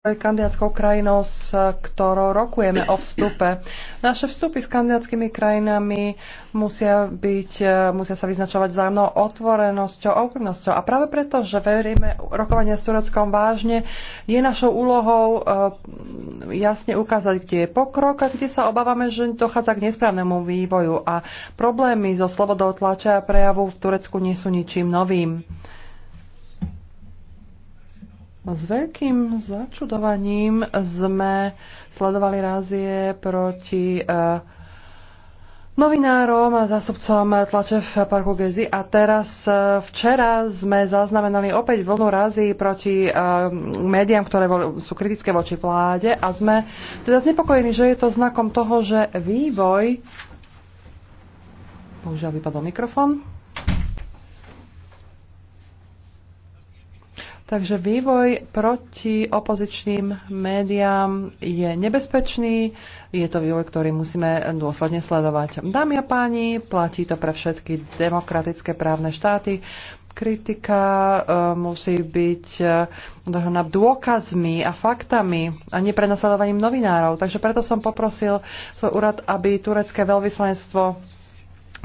kandidátskou krajinou, s ktorou rokujeme o vstupe. Naše vstupy s kandidátskymi krajinami musia, byť, e, musia sa vyznačovať vzájomnou otvorenosťou a úprimnosťou. A práve preto, že veríme rokovania s Tureckom vážne, je našou úlohou e, jasne ukázať, kde je pokrok a kde sa obávame, že dochádza k nesprávnemu vývoju. A problémy so slobodou tlače a prejavu v Turecku nie sú ničím novým. S veľkým začudovaním sme sledovali rázie proti e, novinárom a zásobcom tlače v parku Gezi a teraz e, včera sme zaznamenali opäť vlnu razy proti e, médiám, ktoré sú kritické voči vláde a sme teda znepokojení, že je to znakom toho, že vývoj... Bohužiaľ vypadol mikrofón. Takže vývoj proti opozičným médiám je nebezpečný, je to vývoj, ktorý musíme dôsledne sledovať. Dámy a páni, platí to pre všetky demokratické právne štáty. Kritika e, musí byť e, dôkazmi a faktami a neprenasledovaním novinárov. Takže preto som poprosil svoj úrad, aby turecké veľvyslanectvo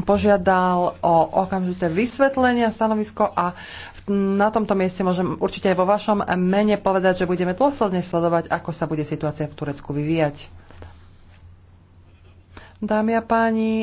požiadal o okamžité vysvetlenie stanovisko a na tomto mieste môžem určite aj vo vašom mene povedať, že budeme dôsledne sledovať, ako sa bude situácia v Turecku vyvíjať. Dámy a páni,